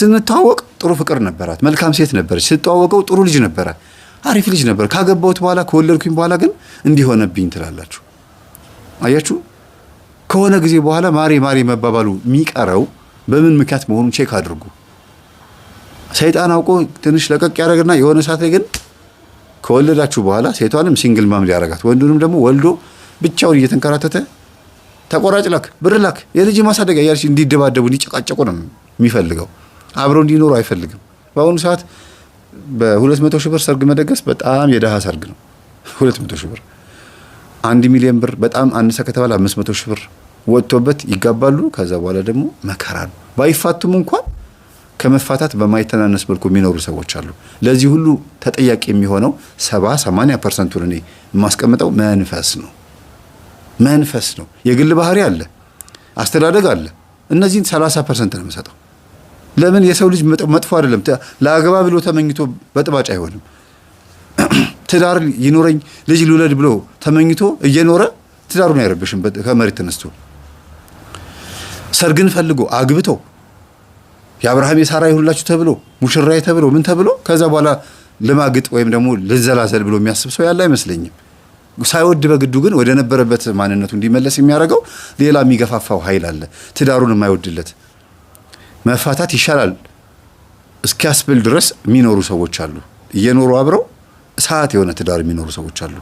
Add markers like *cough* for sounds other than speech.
ስንተዋወቅ ጥሩ ፍቅር ነበራት፣ መልካም ሴት ነበረች። ስትዋወቀው ጥሩ ልጅ ነበረ፣ አሪፍ ልጅ ነበር ካገባሁት በኋላ ከወለድኩኝ በኋላ ግን እንዲሆነብኝ ትላላችሁ። አያችሁ፣ ከሆነ ጊዜ በኋላ ማሬ ማሬ መባባሉ የሚቀረው በምን ምክንያት መሆኑን ቼክ አድርጉ። ሰይጣን አውቆ ትንሽ ለቀቅ ያደረግና የሆነ ሰዓት ላይ ግን ከወለዳችሁ በኋላ ሴቷንም ሲንግል ማም ሊያረጋት ወንዱንም ደግሞ ወልዶ ብቻውን እየተንከራተተ ተቆራጭ ላክ ብር ላክ የልጅ ማሳደግ እያለች እንዲደባደቡ እንዲጨቃጨቁ ነው የሚፈልገው። አብረው እንዲኖሩ አይፈልግም። በአሁኑ ሰዓት በሁለት መቶ ሺህ ብር ሰርግ መደገስ በጣም የደሃ ሰርግ ነው። ሁለት መቶ ሺህ ብር አንድ ሚሊዮን ብር በጣም አነሰ ከተባለ አምስት መቶ ሺህ ብር ወጥቶበት ይጋባሉ። ከዛ በኋላ ደግሞ መከራ ነው። ባይፋቱም እንኳን ከመፋታት በማይተናነስ መልኩ የሚኖሩ ሰዎች አሉ። ለዚህ ሁሉ ተጠያቂ የሚሆነው ሰባ ሰማንያ ፐርሰንቱን እኔ የማስቀምጠው መንፈስ ነው። መንፈስ ነው። የግል ባህሪ አለ፣ አስተዳደግ አለ። እነዚህን ሰላሳ ፐርሰንት ነው የምሰጠው። ለምን የሰው ልጅ መጥፎ አይደለም። ለአገባ ብሎ ተመኝቶ በጥባጭ አይሆንም። *clears throat* ትዳር ይኖረኝ ልጅ ልውለድ ብሎ ተመኝቶ እየኖረ ትዳሩን አይረብሽም። ከመሬት ተነስቶ ሰርግን ፈልጎ አግብቶ የአብርሃም የሳራ ይሁንላችሁ ተብሎ ሙሽራዬ ተብሎ ምን ተብሎ ከዛ በኋላ ልማግጥ ወይም ደግሞ ልዘላዘል ብሎ የሚያስብ ሰው ያለ አይመስለኝም። ሳይወድ በግዱ ግን ወደ ነበረበት ማንነቱ እንዲመለስ የሚያደርገው ሌላ የሚገፋፋው ኃይል አለ፣ ትዳሩን የማይወድለት መፋታት ይሻላል እስኪያስብል ድረስ የሚኖሩ ሰዎች አሉ። እየኖሩ አብረው ሰዓት የሆነ ትዳር የሚኖሩ ሰዎች አሉ።